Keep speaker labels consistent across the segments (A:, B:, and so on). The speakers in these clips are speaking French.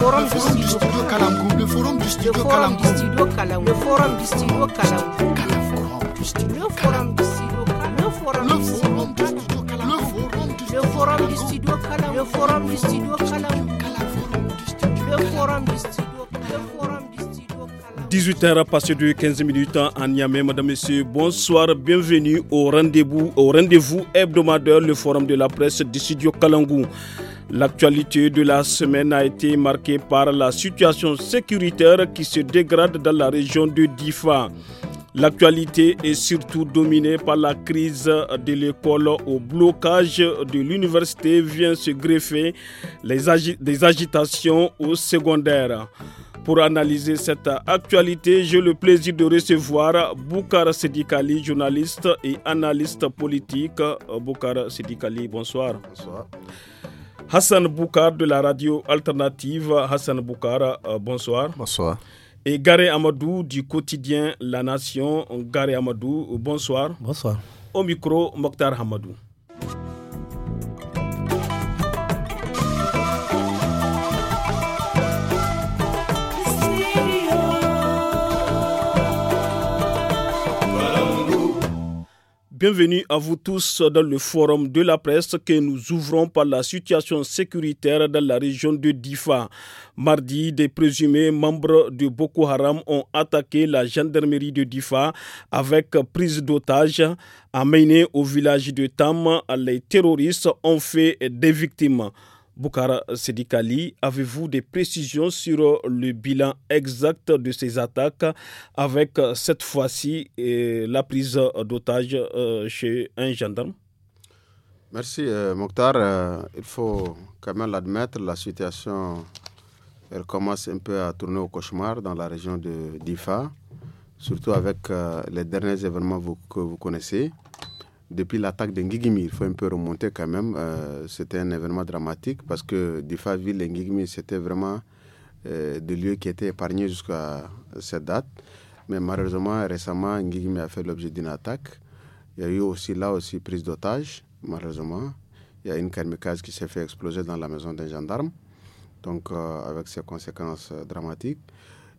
A: Le forum du studio Kalamkou, le forum du studio Kalamkou, le forum du studio Kalamkou, le forum du studio Kalamkou, le forum du studio Kalamkou, le forum du studio Kalamkou, le forum du studio Kalamkou, le forum du studio
B: 18h passé de 15 minutes à Niamey. Madame, Messieurs, bonsoir. Bienvenue au rendez-vous, au rendez-vous hebdomadaire, le forum de la presse du studio Kalangou. L'actualité de la semaine a été marquée par la situation sécuritaire qui se dégrade dans la région de Difa. L'actualité est surtout dominée par la crise de l'école au blocage de l'université vient se greffer les des agitations au secondaire. Pour analyser cette actualité, j'ai le plaisir de recevoir Boukar Sedikali, journaliste et analyste politique. Boukar Sedikali, bonsoir. Bonsoir. Hassan Boukar de la radio alternative. Hassan Boukar, euh, bonsoir. Bonsoir. Et Garé Amadou du quotidien La Nation. Garé Amadou, bonsoir. Bonsoir. Au micro, Mokhtar Hamadou. Bienvenue à vous tous dans le forum de la presse que nous ouvrons par la situation sécuritaire dans la région de Difa. Mardi, des présumés membres de Boko Haram ont attaqué la gendarmerie de Difa avec prise d'otages. Amenés au village de Tam, les terroristes ont fait des victimes. Boukara Sedikali, avez-vous des précisions sur le bilan exact de ces attaques avec cette fois-ci la prise d'otage euh, chez un gendarme
C: Merci euh, Mokhtar. Euh, il faut quand même l'admettre, la situation elle commence un peu à tourner au cauchemar dans la région de d'Ifa, surtout avec les derniers événements que vous connaissez depuis l'attaque de Ngigimi, il faut un peu remonter quand même. Euh, c'était un événement dramatique parce que ville et Ngigimi, c'était vraiment euh, des lieux qui étaient épargnés jusqu'à cette date. Mais malheureusement, récemment, Ngigimi a fait l'objet d'une attaque. Il y a eu aussi là aussi prise d'otage, malheureusement. Il y a une kamikaze qui s'est fait exploser dans la maison d'un gendarme, donc euh, avec ses conséquences dramatiques.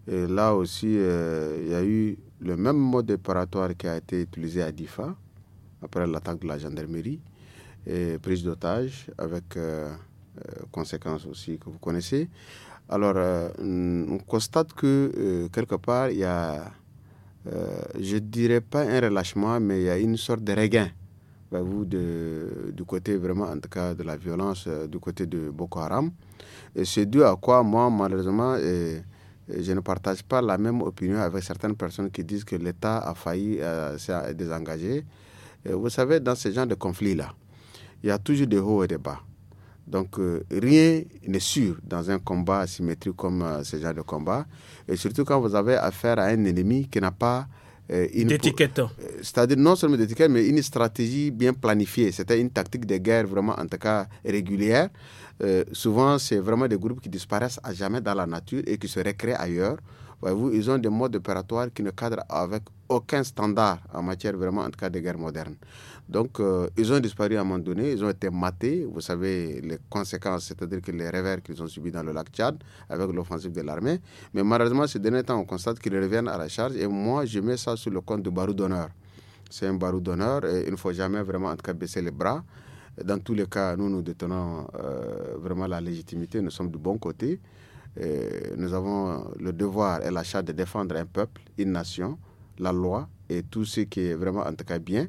C: Et là aussi, il y a eu le même mode opératoire qui a été utilisé à Difa après l'attaque de la gendarmerie, et prise d'otage avec euh, euh, conséquences aussi que vous connaissez. Alors, euh, on constate que quelque part, il y a, je ne dirais pas un relâchement, mais il y a une sorte de regain, bah, vous, du côté vraiment, en tout cas, de la violence du côté de Boko Haram. Et c'est dû à quoi, moi, malheureusement, je ne partage pas la même opinion avec certaines personnes qui disent que l'État a failli, se désengager. Euh, vous savez, dans ce genre de conflit-là, il y a toujours des hauts et des bas. Donc euh, rien n'est sûr dans un combat asymétrique comme euh, ce genre de combat, et surtout quand vous avez affaire à un ennemi qui n'a pas une d'étiquette. C'est-à-dire non seulement d'étiquette, mais une stratégie bien planifiée. C'était une tactique de guerre vraiment en tout cas régulière. souvent, c'est vraiment des groupes qui disparaissent à jamais dans la nature et qui se récréent ailleurs vous ils ont des modes opératoires qui ne cadrent avec aucun standard en matière vraiment, en tout cas, de guerre moderne. Donc, euh, ils ont disparu à un moment donné, ils ont été matés, vous savez, les conséquences, c'est-à-dire que les revers qu'ils ont subis dans le lac Tchad avec l'offensive de l'armée. Mais malheureusement, ces derniers temps, on constate qu'ils reviennent à la charge et moi, je mets ça sur le compte du barreau d'honneur. C'est un barreau d'honneur et il ne faut jamais vraiment, en tout cas, baisser les bras. Dans tous les cas, nous, nous détenons euh, vraiment la légitimité, nous sommes du bon côté. Euh, nous avons euh, le devoir et la de défendre un peuple, une nation, la loi et tout ce qui est vraiment en tout cas bien.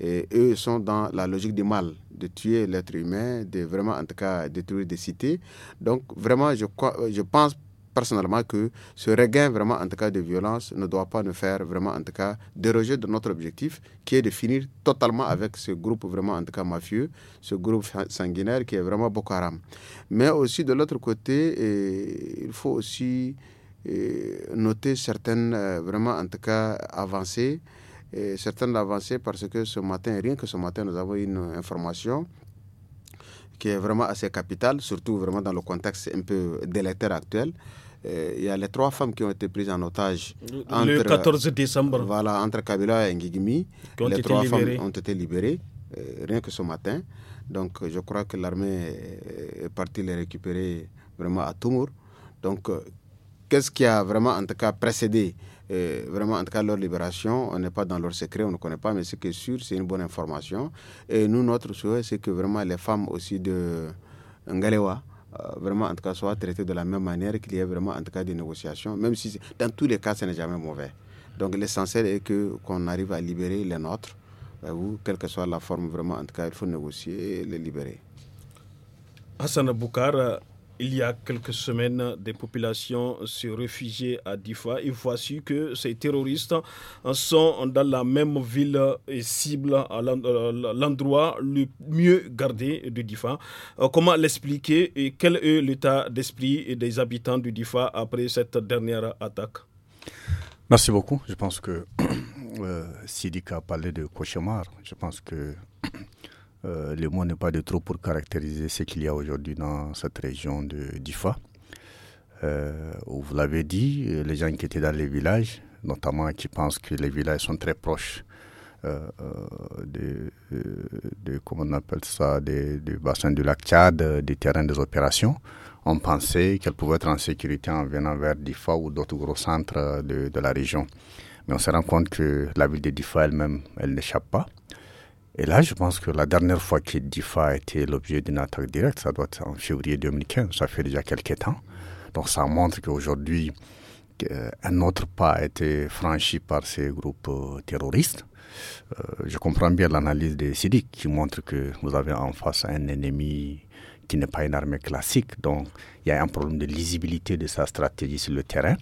C: Et eux sont dans la logique du mal, de tuer l'être humain, de vraiment en tout cas détruire des cités. Donc vraiment, je, euh, je pense personnellement que ce regain vraiment en tout cas de violence ne doit pas nous faire vraiment en tout cas déroger de notre objectif qui est de finir totalement avec ce groupe vraiment en tout cas mafieux, ce groupe sanguinaire qui est vraiment Boko Haram. Mais aussi de l'autre côté, il faut aussi noter certaines euh, vraiment en tout cas avancées. Et certaines avancées parce que ce matin, rien que ce matin, nous avons une information qui est vraiment assez capitale, surtout vraiment dans le contexte un peu délétère actuel. Euh, il y a les trois femmes qui ont été prises en otage. le 14 décembre. Voilà, entre Kabila et Ngigimi. Les trois femmes ont été libérées, euh, rien que ce matin. Donc euh, je crois que l'armée est partie les récupérer vraiment à Toumour. Donc qu'est-ce qui a vraiment en tout cas précédé vraiment, en tout cas, leur libération, on n'est pas dans leur secret, on ne connaît pas, mais ce qui est sûr, c'est une bonne information. Et nous, notre souhait, c'est que vraiment les femmes aussi de Ngalewa euh, vraiment en tout cas soit traité de la même manière qu'il y ait vraiment en tout cas des négociations, même si dans tous les cas ce n'est jamais mauvais. Donc l'essentiel est que qu'on arrive à libérer les nôtres, euh, ou quelle que soit la forme vraiment en tout cas il faut négocier et les libérer.
B: Hassan Boukar, il y a quelques semaines, des populations se réfugiaient à Difa et voici que ces terroristes sont dans la même ville et cible euh, l'endroit le mieux gardé de Difa. Euh, comment l'expliquer et quel est l'état d'esprit des habitants de Difa après cette dernière attaque
D: Merci beaucoup. Je pense que euh, Sidika a parlé de cauchemar. Je pense que Euh, le mot n'est pas de trop pour caractériser ce qu'il y a aujourd'hui dans cette région de d'Ifa. Euh, vous l'avez dit, les gens qui étaient dans les villages, notamment qui pensent que les villages sont très proches euh, de, de, on appelle ça, du bassin du lac Tchad, des terrains des opérations, ont pensé qu'elles pouvaient être en sécurité en venant vers Difa ou d'autres gros centres de, de, la région. Mais on se rend compte que la ville de Difa elle-même, elle n'échappe pas. Et là, je pense que la dernière fois que DIFA a été l'objet d'une attaque directe, ça doit être en février 2015, ça fait déjà quelques temps. Donc ça montre qu'aujourd'hui, euh, un autre pas a été franchi par ces groupes euh, terroristes. Euh, je comprends bien l'analyse des Sidi qui montre que vous avez en face un ennemi qui n'est pas une armée classique. Donc il y a un problème de lisibilité de sa stratégie sur le terrain.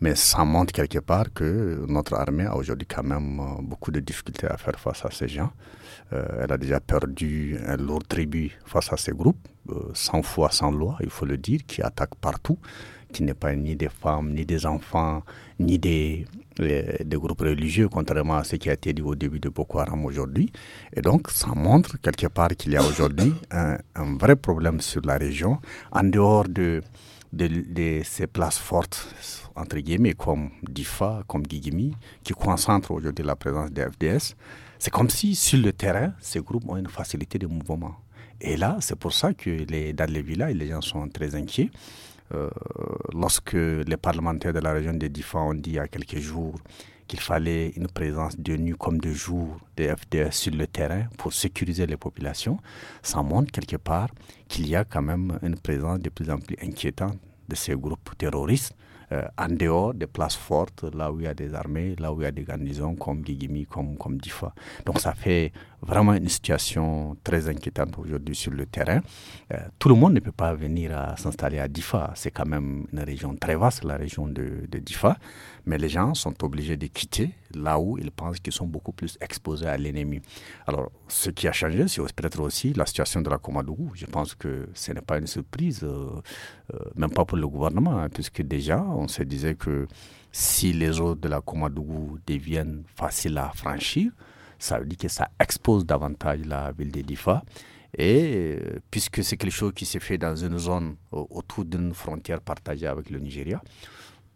D: Mais ça montre quelque part que notre armée a aujourd'hui quand même euh, beaucoup de difficultés à faire face à ces gens. Euh, elle a déjà perdu un lourd tribut face à ces groupes, sans euh, foi, sans loi, il faut le dire, qui attaquent partout, qui n'est pas ni des femmes, ni des enfants, ni des, des groupes religieux, contrairement à ce qui a été dit au début de Boko Haram aujourd'hui. Et donc, ça montre quelque part qu'il y a aujourd'hui un, vrai problème sur la région, en dehors de de, ces places fortes, entre guillemets, comme DIFA, comme Gigimi, qui concentrent aujourd'hui la présence des FDS, c'est comme si sur le terrain, ces groupes ont une facilité de mouvement. Et là, c'est pour ça que les, dans les villages, les gens sont très inquiets. Euh, lorsque les parlementaires de la région des DIFA ont dit il y a quelques jours qu'il fallait une présence de nuit comme de jour des FDS sur le terrain pour sécuriser les populations, ça montre quelque part qu'il y a quand même une présence de plus en plus inquiétante de ces groupes terroristes euh, en dehors des places fortes, là où il y a des armées, là où il y a des garnisons comme Guigimi, comme, comme Difa. Donc ça fait vraiment une situation très inquiétante aujourd'hui sur le terrain. Euh, tout le monde ne peut pas venir s'installer à Difa. C'est quand même une région très vaste, la région de, de Difa. Mais les gens sont obligés de quitter là où ils pensent qu'ils sont beaucoup plus exposés à l'ennemi. Alors, ce qui a changé, c'est peut-être aussi la situation de la Comadougou. Je pense que ce n'est pas une surprise, euh, euh, même pas pour le gouvernement, hein, puisque déjà, on se disait que si les eaux de la Comadougou deviennent faciles à franchir, ça veut dire que ça expose davantage la ville de Et euh, puisque c'est quelque chose qui s'est fait dans une zone autour d'une frontière partagée avec le Nigeria,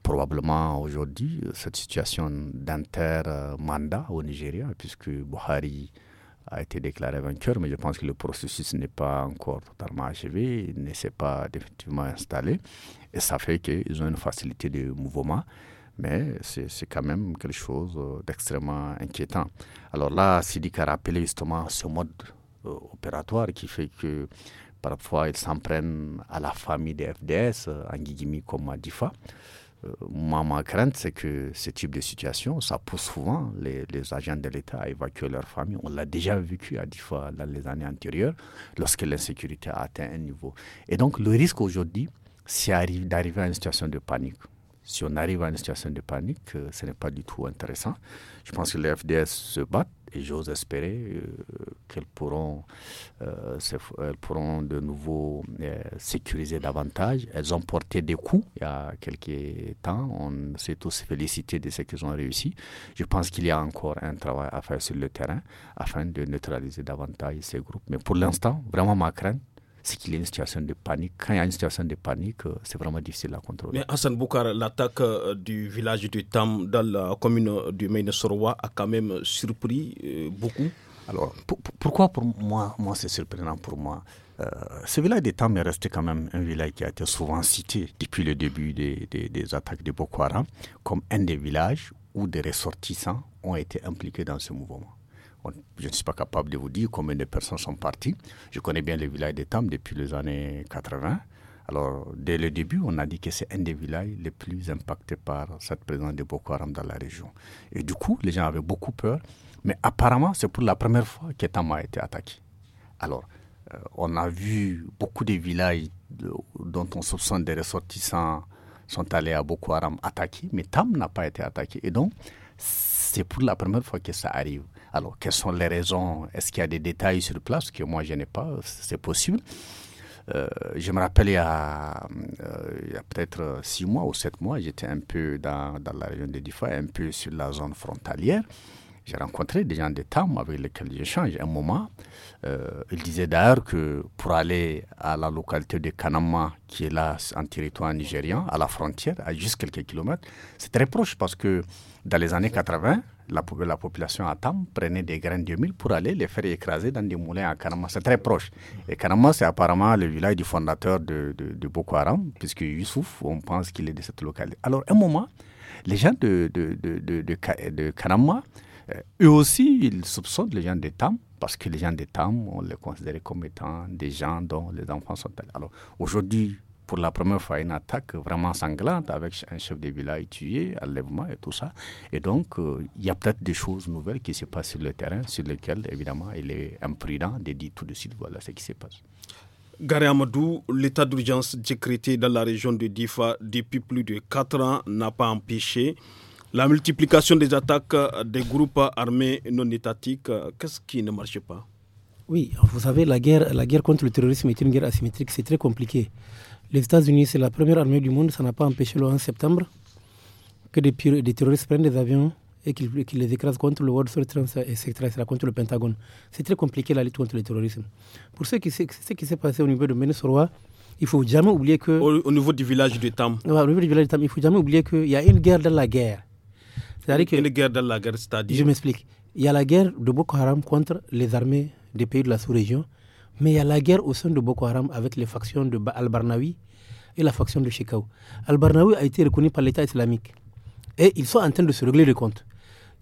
D: probablement aujourd'hui euh, cette situation d'inter-mandat au Nigeria, puisque Buhari a été déclaré vainqueur, mais je pense que le processus n'est pas encore totalement achevé, il ne s'est pas définitivement installé, et ça fait qu'ils ont une facilité de mouvement, mais c'est quand même quelque chose euh, d'extrêmement inquiétant. Alors là, Sidi a rappelé justement ce mode euh, opératoire qui fait que parfois ils s'en prennent à la famille des FDS, en Guigimi comme à euh, ma crainte, c'est que ce type de situation, ça pousse souvent les, agents de l'État à évacuer leur famille. On l'a déjà vécu à dix fois dans les années antérieures, lorsque l'insécurité a atteint un niveau. Et donc, le risque aujourd'hui, c'est d'arriver à une situation de panique. Si on arrive à une situation de panique, euh, ce n'est pas du tout intéressant. Je pense que les FDS se battent et j'ose espérer euh, qu'elles pourront, euh, pourront de nouveau sécuriser davantage. Elles ont porté des coups il y a quelques temps. On s'est tous félicité de ce qu'elles ont réussi. Je pense qu'il y a encore un travail à faire sur le terrain afin de neutraliser davantage ces groupes. Mais pour l'instant, vraiment ma crainte, c'est qu'il y a une situation de panique. Quand il y a une situation de panique, euh, c'est vraiment difficile à contrôler.
B: Mais Hassan Boukar, l'attaque euh, du village du Tam dans la commune du Maine-Soroa
D: a quand même surpris euh, beaucoup. Alors, pourquoi pour moi, moi c'est surprenant pour moi ce village de Tam est resté quand même un village qui a été souvent cité depuis le début des, des, des attaques de Boko Haram comme un des villages où des ressortissants ont été impliqués dans ce mouvement je ne suis pas capable de vous dire combien de personnes sont parties. Je connais bien le village de Tam depuis les années 80. Alors, dès le début, on a dit que c'est un des villages les plus impactés par cette présence de Boko Haram dans la région. Et du coup, les gens avaient beaucoup peur. Mais apparemment, c'est pour la première fois que Tam a été attaqué. Alors, euh, on a vu beaucoup de villages dont on soupçonne des ressortissants sont allés à Boko Haram attaquer, mais Tam n'a pas été attaqué. Et donc, c'est pour la première fois que ça arrive. Alors, quelles sont les raisons Est-ce qu'il y a des détails sur place que moi je n'ai pas C'est possible. Euh, je me rappelle euh, il y a, peut-être six mois ou sept mois, j'étais un peu dans, dans, la région de Difa, un peu sur la zone frontalière. J'ai rencontré des gens de avec lesquels j'échange un moment. Euh, ils disaient d'ailleurs que pour aller à la localité de Kanama, qui est là en territoire nigérian, à la frontière, à juste quelques kilomètres, c'est très proche parce que dans les années 80, la, la population à Tam prenait des graines de mil pour aller les faire écraser dans des moulins à Kanama. C'est très proche. Et Kanama, c'est apparemment le village du fondateur de, de, de Boko Haram, puisque Youssouf, on pense qu'il est de cette localité. Alors, à un moment, les gens de, de, de, de euh, eux aussi, ils soupçonnent les gens de Tam parce que les gens de TAM, on les considérait comme étant des gens dont les enfants sont Alors aujourd'hui, pour la première fois une attaque vraiment sanglante avec un chef de village tué, enlèvement et tout ça. Et donc, euh, il y a peut-être des choses nouvelles qui se passent sur le terrain, sur lesquelles, évidemment, il est imprudent de dire tout de suite voilà ce qui se passe.
B: Garé Amadou, l'état d'urgence décrété dans la région de Difa depuis plus de 4 ans n'a pas empêché la multiplication des attaques des groupes armés non étatiques. Qu'est-ce qui ne marche pas
A: Oui, vous savez, la guerre, la guerre contre le terrorisme est une guerre asymétrique, c'est très compliqué. Les États-Unis, c'est la première armée du monde, ça n'a pas empêché le 11 septembre que des, terroristes prennent des avions et qu'ils les écrasent contre le World Trade Center, etc., contre le Pentagone. C'est très compliqué la lutte contre le terrorisme. Pour ce qui, qui s'est passé au niveau de Ménesoroa, il faut jamais oublier que... Au, niveau du village de Tam. au niveau du village de Tam, il faut jamais oublier qu'il y a une guerre dans la guerre. C'est-à-dire que... Une
B: guerre dans la guerre, c'est-à-dire... Je m'explique.
A: Il y a la guerre de Boko Haram contre les armées des pays de la sous-région mais il y a la guerre au sein de Boko Haram avec les factions de Al-Barnawi et la faction de Shekau. Al-Barnawi a été reconnu par l'État islamique. Et ils sont en train de se régler les compte.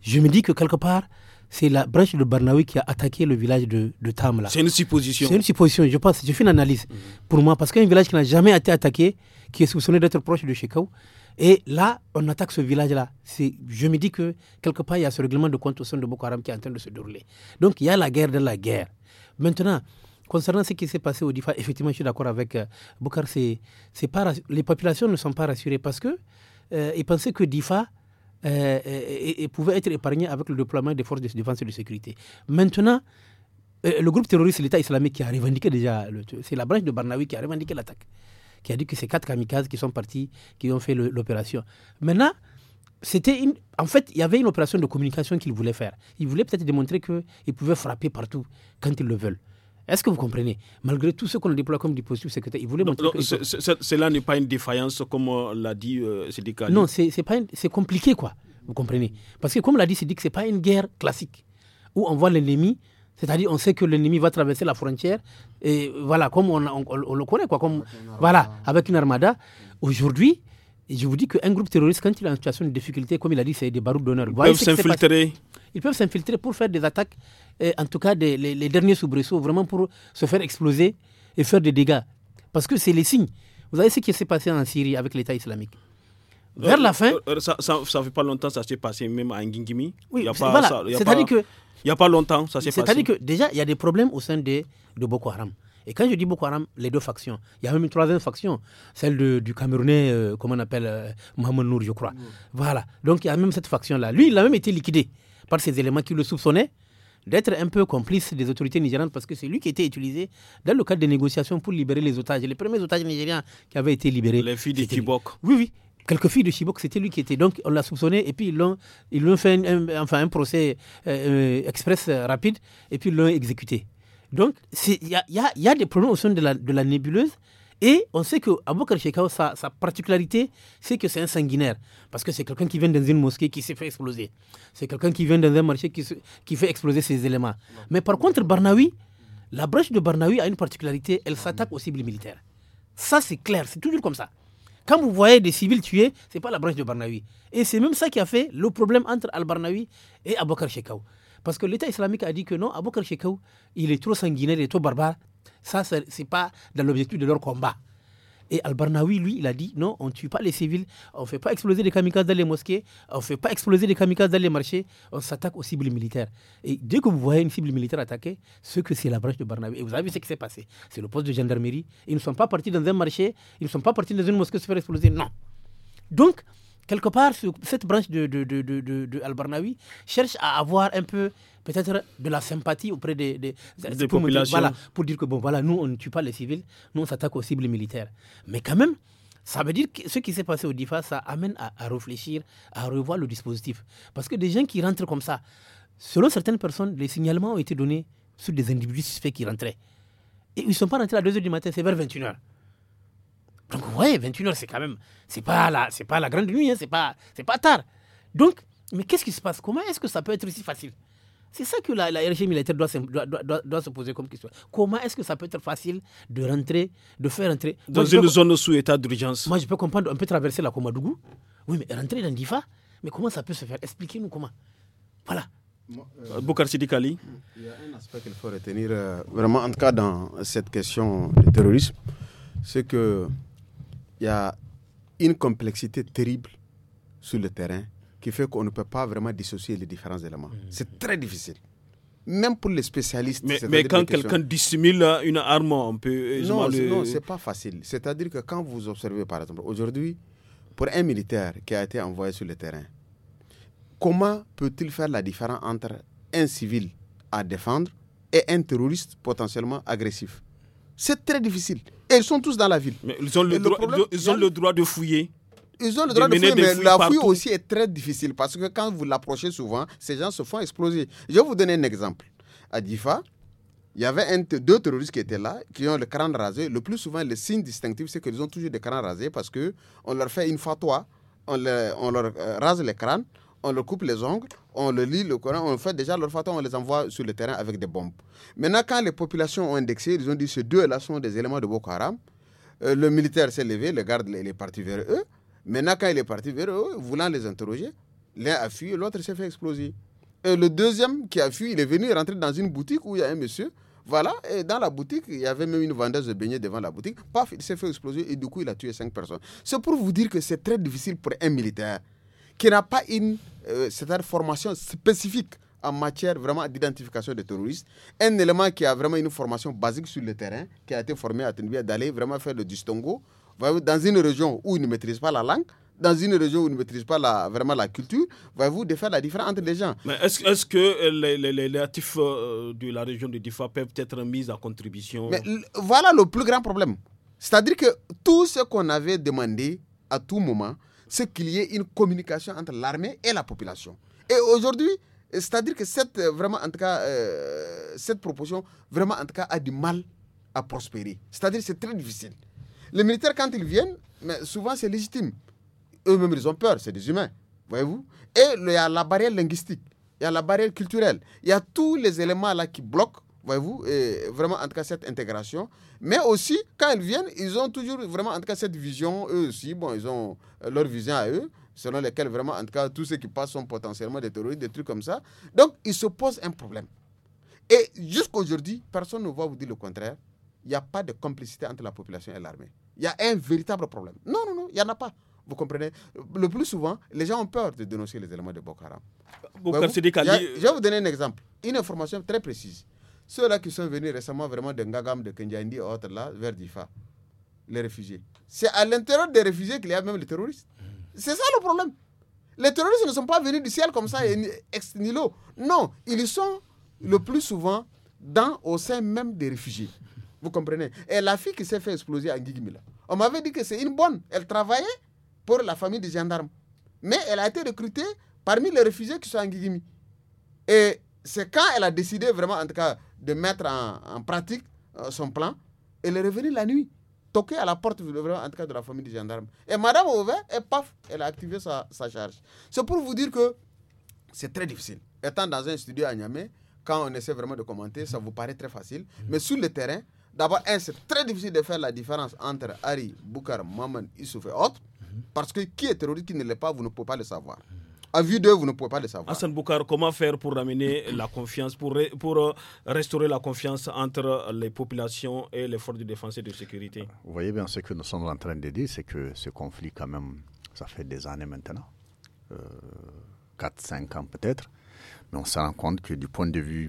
A: Je me dis que quelque part, c'est la branche de Barnawi qui a attaqué le village de, de Tamla. C'est une
B: supposition. C'est une
A: supposition, je pense. Je fais une analyse mhm. pour moi. Parce qu'un village qui n'a jamais été attaqué, qui est soupçonné d'être proche de Shekau, et là, on attaque ce village-là. Je me dis que quelque part, il y a ce règlement de compte au sein de Boko Haram qui est en train de se dérouler. Donc, il y a la guerre de la guerre. Maintenant, Concernant ce qui s'est passé au DIFA, effectivement, je suis d'accord avec euh, Bokar. les populations ne sont pas rassurées parce que euh, pensaient que DIFA euh, pouvait être épargné avec le déploiement des forces de défense et de sécurité. Maintenant, le groupe terroriste, l'État islamique, qui a revendiqué déjà, c'est la branche de Barnawi qui a revendiqué l'attaque, qui a dit que c'est quatre kamikazes qui sont partis, qui ont fait l'opération. Maintenant, c'était En fait, il y avait une opération de communication qu'ils voulaient faire. Ils voulaient peut-être démontrer qu'ils pouvaient frapper partout quand ils le veulent. Est-ce que vous comprenez Malgré tout ce qu'on déploie comme dispositif secrétaire, ils voulaient montrer. Cela
B: n'est pas une défaillance, comme euh, l'a dit euh,
A: Non, c'est compliqué, quoi. Vous comprenez Parce que, comme l'a dit Sidik, ce n'est pas une guerre classique où on voit l'ennemi c'est-à-dire, on sait que l'ennemi va traverser la frontière, et voilà, comme on, le connaît, quoi, comme, voilà, avec une armada. Aujourd'hui, je vous dis qu'un groupe terroriste, quand il est en situation de difficulté, comme il a dit, c'est des barreaux d'honneur. Ils peuvent s'infiltrer ils peuvent s'infiltrer pour faire des attaques, euh, en tout cas des, les, derniers soubresauts, vraiment pour se faire exploser et faire des dégâts. Parce que c'est les signes. Vous savez ce qui s'est passé en Syrie avec l'État islamique
B: euh, vers la fin. Euh, ça, ne fait pas longtemps, ça s'est passé même à Ngingimi. Oui, voilà. C'est-à-dire que. Il n'y a pas longtemps, ça s'est passé. C'est-à-dire que
A: déjà, il y a des problèmes au sein de, de Boko Haram. Et quand je dis Boko Haram, les deux factions, il y a même une troisième faction, celle du Camerounais, comme comment on appelle, Mohamed Nour, je crois. Voilà. Donc il y a même cette faction-là. Lui, il a même été liquidé par ces éléments qui le soupçonnaient d'être un peu complice des autorités nigériennes parce que c'est lui qui était utilisé dans le cadre des négociations pour libérer les otages. Les premiers otages nigériens qui avaient été libérés. Les filles de Chibok. Oui, oui. Quelques filles de Chibok, c'était lui qui était. Donc on l'a soupçonné et puis ils l'ont, fait un, enfin, un procès euh, euh, express euh, rapide et puis ils l'ont exécuté. Donc il y a, des problèmes au sein de de la nébuleuse et on sait que Aboukar Shekau, sa, particularité, c'est que c'est un sanguinaire. Parce que c'est quelqu'un qui vient dans une mosquée qui s'est fait exploser. C'est quelqu'un qui vient dans un marché qui, fait exploser ses éléments. Mais par contre, Barnawi, la brèche de Barnawi a une particularité, elle s'attaque aux cibles militaires. Ça, c'est clair, c'est toujours comme ça. Quand vous voyez des civils tués, ce n'est pas la branche de Barnawi. Et c'est même ça qui a fait le problème entre Al-Barnawi et Aboukar Shekau. Parce que l'État islamique a dit que non, Aboukar Shekau, il est trop sanguinaire, il est trop barbare, ça, ce n'est pas dans l'objectif de leur combat. Et Al-Barnawi, lui, il a dit non, on ne tue pas les civils, on ne fait pas exploser les kamikazes dans les mosquées, on ne fait pas exploser les kamikazes dans les marchés, on s'attaque aux cibles militaires. Et dès que vous voyez une cible militaire attaquée, ce que c'est la branche de Barnawi. Et vous avez vu ce qui s'est passé. C'est le poste de gendarmerie. Ils ne sont pas partis dans un marché, ils ne sont pas partis dans une mosquée se faire exploser. Non. Donc, quelque part, cette branche de, de, de, al cherche à avoir un peu peut-être de la sympathie auprès des, des, populations. pour dire que bon, voilà, nous, on ne tue pas les civils, nous, on s'attaque aux cibles militaires. Mais quand même, ça veut dire que ce qui s'est passé au DIFA, ça amène à, à, réfléchir, à revoir le dispositif. Parce que des gens qui rentrent comme ça, selon certaines personnes, les signalements ont été donnés sur des individus suspects qui rentraient. Et ils ne sont pas rentrés à 2h du matin, c'est vers 21h. Donc, oui, 21h, c'est quand même. C'est pas, la, pas la grande nuit, hein, c'est pas, pas tard. Donc, mais qu'est-ce qui se passe Comment est-ce que ça peut être aussi facile C'est ça que la, RG militaire doit se, doit, se, poser comme question. Comment est-ce que ça peut être facile de rentrer, de faire rentrer. Dans une zone sous état d'urgence Moi, je peux comprendre, on peut traverser la Komadougou. Oui, mais rentrer dans Difa, mais comment ça peut se faire Expliquez-nous comment. Voilà.
C: Euh, euh, Bokar Il y a un aspect qu'il faut retenir, euh, vraiment, en tout cas, dans cette question du terrorisme, c'est que il y a une complexité terrible sur le terrain qui fait qu'on ne peut pas vraiment dissocier les différents éléments. Mm. C'est très difficile. Même pour les spécialistes. Mais, quand quelqu'un
B: dissimule hein, une arme,
C: on peut. Euh, non, ce non c'est pas facile. C'est-à-dire que quand vous observez, par exemple, aujourd'hui, pour un militaire qui a été envoyé sur le terrain, comment peut-il faire la différence entre un civil à défendre et un terroriste potentiellement agressif C'est très difficile. Et ils sont tous dans la ville. Mais ils ont le, droit, ils ont le droit de fouiller
B: ils ont le droit de, fouiller, mais la fouille aussi
C: est très difficile parce que quand vous l'approchez souvent, ces gens se font exploser. Je vais vous donner un exemple. À Difa, il y avait deux terroristes qui étaient là, qui ont le crâne rasé. Le plus souvent, le signe distinctif, c'est qu'ils ont toujours des crânes rasés parce qu'on leur fait une fatwa, on, on leur euh, rase les crânes, on leur coupe les ongles, on le lit le Coran, on fait déjà leur fatwa, on les envoie sur le terrain avec des bombes. Maintenant, quand les populations ont indexé, ils ont dit ces deux-là sont des éléments de Boko Haram. Euh, le militaire s'est levé, le garde il est parti vers eux. Maintenant, quand il est parti vers eux, voulant les interroger, l'un a fui, l'autre s'est fait exploser. Et le deuxième qui a fui, il est venu rentrer dans une boutique où il y a un monsieur. Voilà, et dans la boutique, il y avait même une vendeuse de beignets devant la boutique. Paf, il s'est fait exploser et du coup, il a tué cinq personnes. C'est pour vous dire que c'est très difficile pour un militaire qui n'a pas une euh, formation spécifique en matière vraiment d'identification des terroristes. Un élément qui a vraiment une formation basique sur le terrain, qui a été formé à tenir d'aller vraiment faire le distongo, dans une région où il ne maîtrise pas la langue, dans une région où il ne maîtrise pas la, vraiment la culture, voyez-vous, de faire la différence entre les gens.
B: Mais est-ce que euh, les, actifs euh, de la région de Difa peuvent être mis à contribution
C: voilà le plus grand problème. C'est-à-dire que tout ce qu'on avait demandé à tout moment, c'est qu'il y ait une communication entre l'armée et la population. Et aujourd'hui, c'est-à-dire que cette, euh, vraiment, en tout cas, euh, cette proposition, vraiment, en tout cas, a du mal à prospérer. C'est-à-dire c'est très difficile. Les militaires, quand ils viennent, mais souvent, c'est légitime. Eux-mêmes, ils ont peur, c'est des humains, voyez-vous. Et il y a la barrière linguistique, il y a la barrière culturelle, il y a tous les éléments là qui bloquent voyez-vous, vraiment, en tout cas, cette intégration. Mais aussi, quand ils viennent, ils ont toujours vraiment, en tout cas, cette vision, eux aussi, bon, ils ont euh, leur vision à eux, selon lesquelles, vraiment, en tout cas, tous ceux qui passent sont potentiellement des terroristes, des trucs comme ça. Donc, ils se posent un problème. Et jusqu'à aujourd'hui, personne ne va vous dire le contraire. Il n'y a pas de complicité entre la population et l'armée. Il y a un véritable problème. Non, non, non, il n'y en a pas. Vous comprenez Le plus souvent, les gens ont peur de dénoncer les éléments de Boko Haram. je vais vous donner un exemple. Une information très précise. Ceux-là qui sont venus récemment vraiment de Ngagam, de Kenjandi et autres là, vers Difa, les réfugiés. C'est à l'intérieur des réfugiés qu'il y a même les terroristes. Hmm. C'est ça le problème. Les terroristes ne sont pas venus du ciel comme ça, ex nihilo. Non, ils sont le plus souvent dans, au sein même des réfugiés. Vous comprenez Et la fille qui s'est fait exploser à là on m'avait dit que c'est une bonne. Elle travaillait pour la famille des gendarmes. Mais elle a été recrutée parmi les réfugiés qui sont à Ngigimi. Et c'est quand elle a décidé vraiment, en tout cas, de mettre en, pratique euh, son plan, elle est revenue la nuit, toquer à la porte, vraiment, en tout cas, de la famille du gendarme. Et Madame a et paf, elle a activé sa, charge. C'est pour vous dire que c'est très difficile. Étant dans un studio à Niamey, quand on essaie vraiment de commenter, ça vous paraît très facile. Mm. Mais sur le terrain, d'abord, c'est très difficile de faire la différence entre Harry, Boukar, Maman, Issouf et autres. Mm-hmm. Parce que
B: qui est terroriste, qui ne l'est pas, vous ne pouvez pas le savoir. Mm. À vue d'eux, vous ne pouvez pas le savoir. Hassan Boukar, comment faire pour ramener la confiance, pour, pour euh, restaurer la confiance entre les populations et les forces de défense et de sécurité
D: Vous voyez bien, ce que nous sommes en train de dire, c'est que ce conflit, quand même, ça fait des années maintenant, euh, 4-5 ans peut-être, mais on se rend compte que du point de vue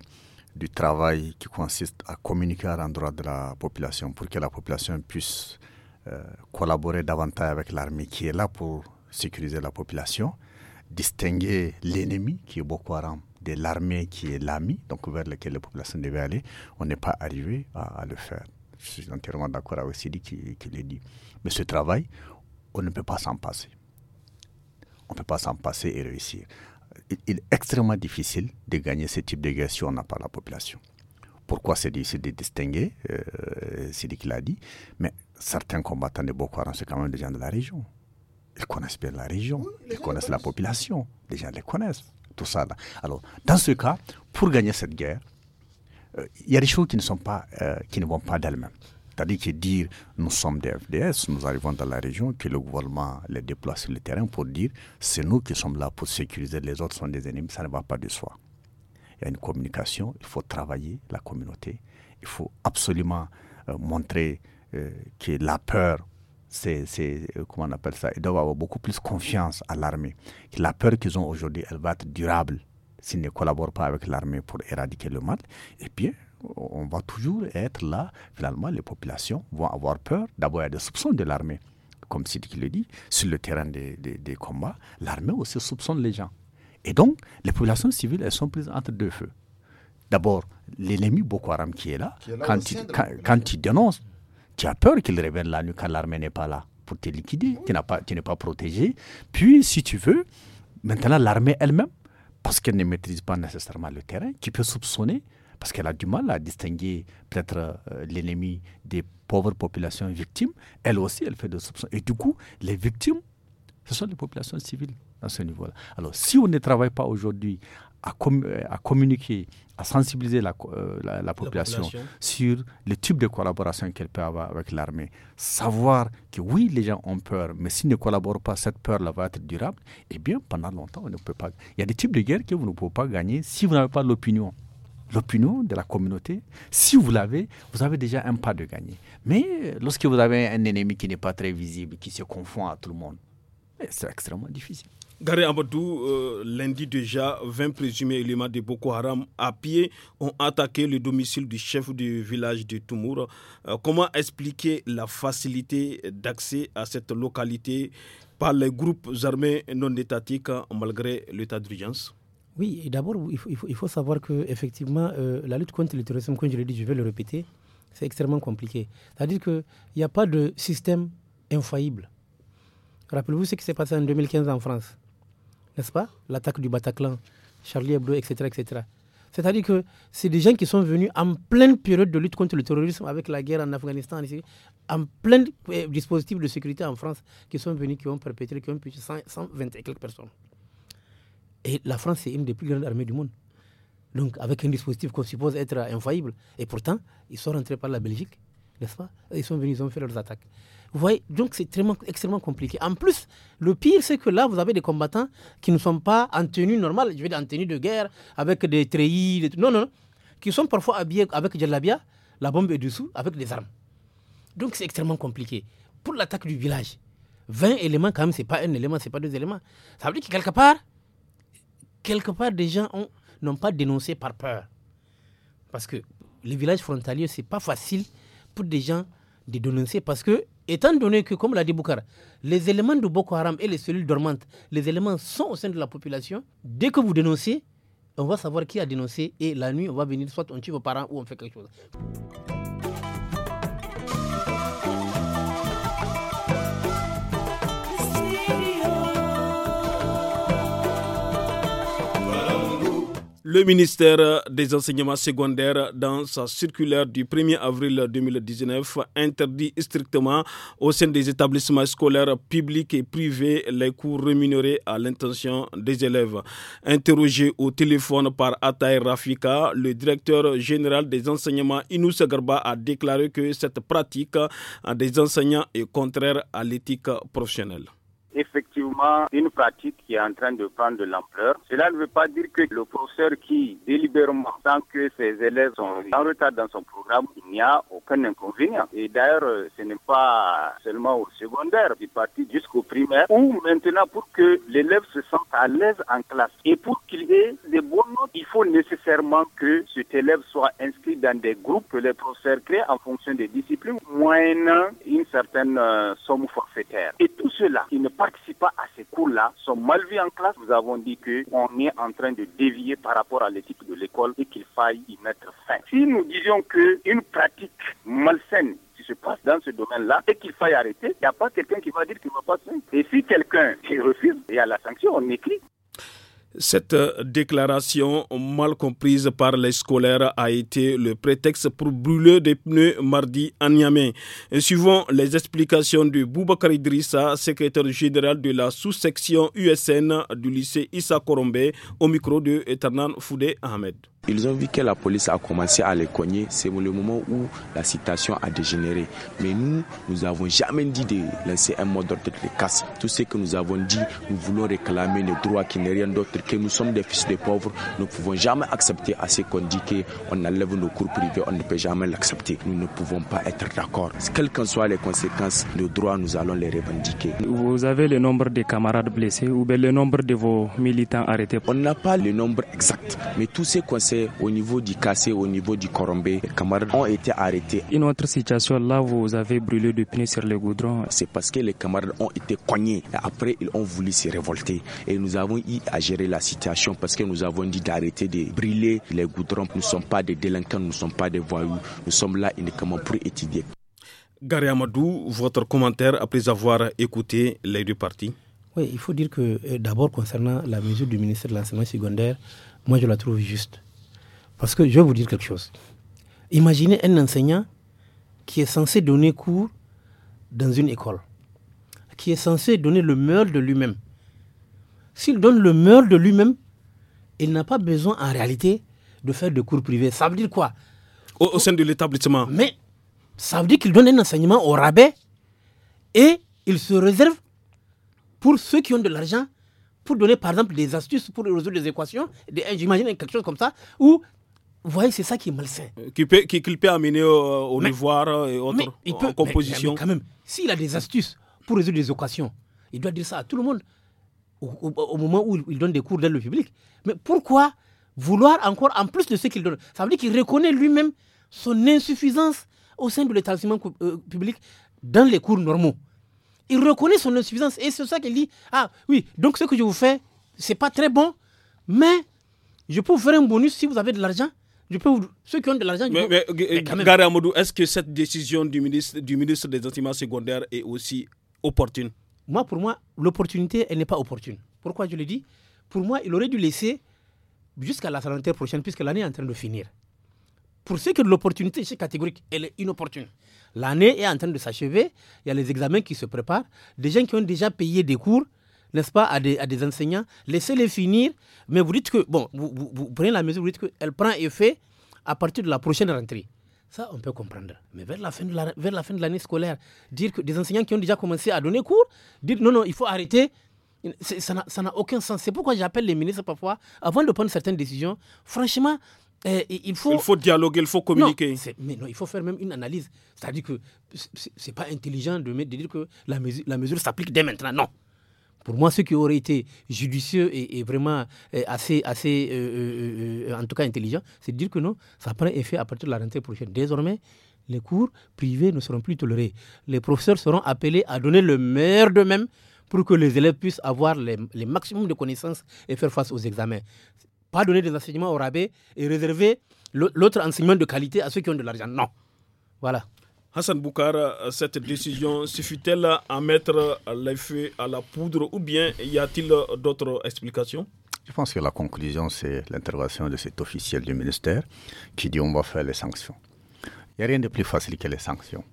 D: du travail qui consiste à communiquer à l'endroit de la population pour que la population puisse euh, collaborer davantage avec l'armée qui est là pour sécuriser la population, distinguer l'ennemi qui est Boko Haram de l'armée qui est l'ami, donc vers lequel la population devait aller, on n'est pas arrivé à, le faire. Je suis entièrement d'accord avec Sidi qui, qui dit. Mais ce travail, on ne peut pas s'en passer. On ne peut pas s'en passer et réussir. Il, est extrêmement difficile de gagner ce type de guerre si on n'a pas la population. Pourquoi c'est difficile de distinguer, euh, Sidi qui l'a dit, mais certains combattants de Boko Haram, c'est quand même des gens de la région. Ils connaissent bien la région, ils connaissent la population, les gens les connaissent, tout ça. Alors, dans ce cas, pour gagner cette guerre, euh, il y a des choses qui ne, sont pas, euh, qui ne vont pas d'elles-mêmes. C'est-à-dire que dire nous sommes des FDS, nous arrivons dans la région, que le gouvernement les déploie sur le terrain pour dire c'est nous qui sommes là pour sécuriser, les autres sont des ennemis, ça ne va pas de soi. Il y a une communication, il faut travailler la communauté, il faut absolument euh, montrer que la peur c'est, euh, comment on appelle ça, ils doivent avoir beaucoup plus confiance à l'armée. La peur qu'ils ont aujourd'hui, elle va être durable s'ils ne collaborent pas avec l'armée pour éradiquer le mal. Et puis, on va toujours être là. Finalement, les populations vont avoir peur. D'abord, il y a des soupçons de l'armée. Comme Sidi le dit, sur le terrain des, des, combats, l'armée aussi soupçonne les gens. Et donc, les populations civiles, elles sont prises entre deux feux. D'abord, l'ennemi Boko Haram qui est là, quand, quand, quand il dénonce tu as peur qu'il revienne la nuit quand l'armée n'est pas là pour te liquider. Tu n'es pas, tu pas protégé. Puis, si tu veux, maintenant, l'armée elle-même, parce qu'elle ne maîtrise pas nécessairement le terrain, tu peux soupçonner, parce qu'elle a du mal à distinguer peut-être euh, l'ennemi des pauvres populations victimes, elle aussi, elle fait des soupçons. Et du coup, les victimes, ce sont les populations civiles à ce niveau-là. Alors, si on ne travaille pas aujourd'hui euh, à, communiquer, à sensibiliser la, euh, population sur le type de collaboration qu'elle peut avoir avec l'armée. Savoir que oui, les gens ont peur, mais s'ils ne collaborent pas, cette peur-là va être durable. Eh bien, pendant longtemps, on ne peut pas. Il y a des types de guerres que vous ne pouvez pas gagner si vous n'avez pas l'opinion. L'opinion de la communauté, si vous l'avez, vous avez déjà un pas de gagner. Mais lorsque vous avez un ennemi qui n'est pas très visible, qui se confond à tout le monde, eh, c'est extrêmement difficile.
B: Garé Abadou, euh, lundi déjà, 20 présumés éléments de Boko Haram à pied ont attaqué le domicile du chef du village de Toumour. Euh, comment expliquer la facilité d'accès à cette localité par les groupes armés non étatiques malgré l'état d'urgence
A: Oui, d'abord, il, faut, savoir que effectivement, euh, la lutte contre le terrorisme, comme je l'ai dit, je vais le répéter, c'est extrêmement compliqué. C'est-à-dire qu'il n'y a pas de système infaillible. Rappelez-vous ce qui s'est passé en 2015 en France n'est-ce pas L'attaque du Bataclan, Charlie Hebdo, etc. etc. C'est-à-dire que c'est des gens qui sont venus en pleine période de lutte contre le terrorisme avec la guerre en Afghanistan, en plein eh, dispositif de sécurité en France, qui sont venus, qui ont perpétré, qui ont 120 et quelques personnes. Et la France, est une des plus grandes armées du monde. Donc, avec un dispositif qu'on suppose être infaillible. Et pourtant, ils sont rentrés par la Belgique, n'est-ce pas Ils sont venus, ils ont fait leurs attaques. Vous voyez, donc c'est extrêmement compliqué. En plus, le pire, c'est que là, vous avez des combattants qui ne sont pas en tenue normale, je veux dire en tenue de guerre, avec des treillis, des... non, non, non, qui sont parfois habillés avec djellabia, la bombe est dessous, avec des armes. Donc c'est extrêmement compliqué. Pour l'attaque du village, 20 éléments, quand même, c'est pas un élément, c'est pas deux éléments. Ça veut dire que quelque part, quelque part, des gens n'ont pas dénoncé par peur. Parce que les villages frontaliers, c'est pas facile pour des gens de dénoncer parce que Étant donné que, comme l'a dit Boukara, les éléments de Boko Haram et les cellules dormantes, les éléments sont au sein de la population, dès que vous dénoncez, on va savoir qui a dénoncé et la nuit, on va venir, soit on tue vos parents ou on fait quelque chose.
B: Le ministère des enseignements secondaires, dans sa circulaire du 1er avril 2019, interdit strictement au sein des établissements scolaires publics et privés les cours rémunérés à l'intention des élèves. Interrogé au téléphone par Ataï Rafika, le directeur général des enseignements Inous Garba a déclaré que cette pratique des enseignants est contraire à l'éthique professionnelle effectivement une pratique qui est en train de prendre de l'ampleur. Cela ne veut pas dire que le professeur qui
D: délibérément tant que ses élèves sont en retard dans son programme, il n'y a aucun inconvénient. Et d'ailleurs, euh, ce n'est pas seulement au secondaire, il parti jusqu'au primaire, ou maintenant pour que l'élève se sente à l'aise en classe. Et pour qu'il ait des bons notes, il faut nécessairement que cet élève soit inscrit dans des groupes que les professeurs créent en fonction des disciplines, moyennant une certaine euh, somme forfaitaire. Et tout cela, il ne part participent pas à ces cours-là sont mal vus en classe. Nous avons dit qu'on est en train de dévier par rapport à l'éthique de l'école et qu'il faille y mettre fin. Si nous disions qu'une pratique malsaine qui se passe dans ce domaine-là et qu'il faille arrêter, il n'y a pas quelqu'un qui va dire qu'il ne va pas faire. Et si quelqu'un refuse, il y a la sanction, on écrit.
B: Cette euh, déclaration mal comprise par les scolaires a été le prétexte pour brûler des pneus mardi à Niamey. Suivant les explications de Boubacar Idrissa, secrétaire général de la sous-section USN du lycée Issa Korombe, au micro de Eternan Foudé Ahmed. Ils ont vu que la police a commencé à les cogner. C'est le moment où la situation a dégénéré. Mais nous, nous n'avons jamais dit de lancer un mot d'ordre de casse. Tout ce que nous avons dit, nous voulons réclamer nos droits qui n'est rien d'autre que nous sommes des fils de pauvres. Nous ne pouvons jamais accepter à ce qu'on dit qu'on enlève nos cours privés. On ne peut jamais l'accepter. Nous ne pouvons pas être d'accord. Quelles que soient les conséquences, nos droits, nous allons les revendiquer. Vous avez le nombre de camarades blessés ou bien le nombre de vos militants arrêtés On n'a pas le nombre exact. Mais tous ces conséquences au niveau du cassé, au niveau du les camarades ont été arrêtés. Une autre situation, là, vous avez brûlé des pneus sur les goudrons. C'est parce que les camarades ont été cognés. Après, ils ont voulu se révolter. Et nous avons eu à gérer la situation parce que nous avons dit d'arrêter de brûler les goudrons. Nous ne sommes pas des délinquants, nous ne sommes pas des voyous. Nous sommes là uniquement pour étudier. Gary Amadou, votre commentaire après avoir écouté les deux parties
A: Oui, il faut dire que euh, d'abord concernant la mesure du ministère de l'enseignement secondaire, moi je la trouve juste. Parce que je vais vous dire quelque chose. Imaginez un enseignant qui est censé donner cours dans une école, qui est censé donner le meilleur de lui-même. S'il donne le meilleur de lui-même, il n'a pas besoin en réalité de faire de cours privés. Ça veut dire quoi au, sein de l'établissement. Mais ça veut dire qu'il donne un enseignement au rabais et il se réserve pour ceux qui ont de l'argent pour donner par exemple des astuces pour résoudre des équations, j'imagine quelque chose comme ça, Ou... Vous voyez, c'est ça qui est malsain. Euh,
B: qui peut, qui, peut amener au euh, et
A: autres il composition. quand même, s'il a des astuces pour résoudre les occasions, il doit dire ça à tout le monde au, moment où il donne des cours dans le public. Mais pourquoi vouloir encore en plus de ce qu'il donne Ça veut dire qu'il reconnaît lui-même son insuffisance au sein de l'établissement euh, public dans les cours normaux. Il reconnaît son insuffisance et c'est ça qu'il dit Ah oui, donc ce que je vous fais, c'est pas très bon, mais je peux vous faire un bonus si vous avez de l'argent je peux vous... Ceux qui ont de l'argent. Mais, mais,
B: est-ce que cette décision du ministre, du ministre des Enseignements secondaires est aussi opportune
A: Moi, pour moi, l'opportunité, elle n'est pas opportune. Pourquoi je le dis Pour moi, il aurait dû laisser jusqu'à la rentrée prochaine, puisque l'année est en train de finir. Pour ont que l'opportunité, c'est catégorique, elle est inopportune. L'année est en train de s'achever, il y a les examens qui se préparent, des gens qui ont déjà payé des cours, n'est-ce pas, à des, à enseignants. Laissez-les finir, mais vous dites que, bon, vous, prenez la mesure, vous dites qu'elle prend effet à partir de la prochaine rentrée. Ça, on peut comprendre. Mais vers la fin de fin de l'année scolaire, dire que des enseignants qui ont déjà commencé à donner cours, dire non, non, il faut arrêter, ça n'a aucun sens. C'est pourquoi j'appelle les ministres parfois, avant de prendre certaines décisions, franchement, eh, il, faut... il faut dialoguer, il faut communiquer. Non, mais non, il faut faire même une analyse. C'est-à-dire que ce n'est pas intelligent de, de, dire que la mesure s'applique dès maintenant. Non. Pour moi, ce qui aurait été judicieux et, vraiment euh, assez, assez euh, euh, en tout cas intelligent, c'est de dire que non, ça prend effet à partir de la rentrée prochaine. Désormais, les cours privés ne seront plus tolérés. Les professeurs seront appelés à donner le meilleur d'eux-mêmes pour que les élèves puissent avoir le maximum de connaissances et faire face aux examens. Pas donner des enseignements au rabais et réserver l'autre enseignement de qualité à ceux qui ont de l'argent. Non. Voilà.
B: Hassan Boukara, cette décision suffit-elle à mettre l'effet à la poudre ou bien y a-t-il d'autres explications
D: Je pense que la conclusion, c'est l'intervention de cet officiel du ministère qui dit on va faire les sanctions. Il n'y a rien de plus facile que les sanctions.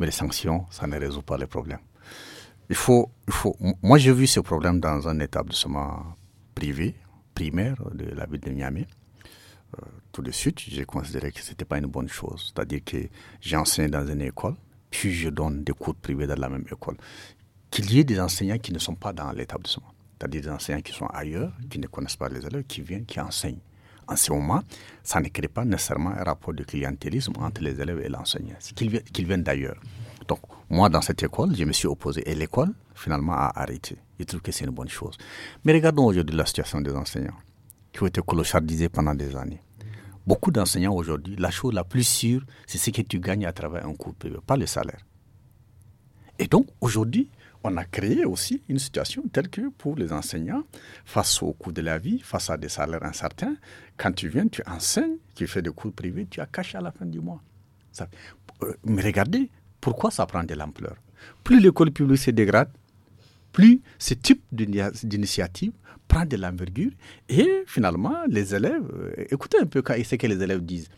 D: Mais les sanctions, ça ne résout pas les problèmes. Il faut, il faut... Moi, j'ai vu ce problème dans un établissement privé, primaire de la ville de Niamey. Euh, tout de suite, j'ai considéré que ce n'était pas une bonne chose. C'est-à-dire que j'ai enseigné dans une école, puis je donne des cours privés dans la même école. Qu'il y ait des enseignants qui ne sont pas dans l'établissement, c'est-à-dire des enseignants qui sont ailleurs, qui ne connaissent pas les élèves, qui viennent, qui enseignent. En ce moment, ça ne crée pas nécessairement un rapport de clientélisme entre les élèves et l'enseignant, qu'ils viennent d'ailleurs. Donc, moi, dans cette école, je me suis opposé et l'école, finalement, a arrêté. Je trouve que c'est une bonne chose. Mais regardons aujourd'hui la situation des enseignants qui ont été clochardisés pendant des années. Beaucoup d'enseignants aujourd'hui, la chose la plus sûre, c'est ce que tu gagnes à travers un cours privé, pas le salaire. Et donc, aujourd'hui, on a créé aussi une situation telle que pour les enseignants, face au coût de la vie, face à des salaires incertains, quand tu viens, tu enseignes, tu fais des cours privés, tu as caché à la fin du mois. Euh, mais regardez, pourquoi ça prend de l'ampleur Plus l'école publique se dégrade, plus ce type d'initiative prend de l'envergure et finalement, les élèves, euh, écoutez un peu ce que les élèves disent.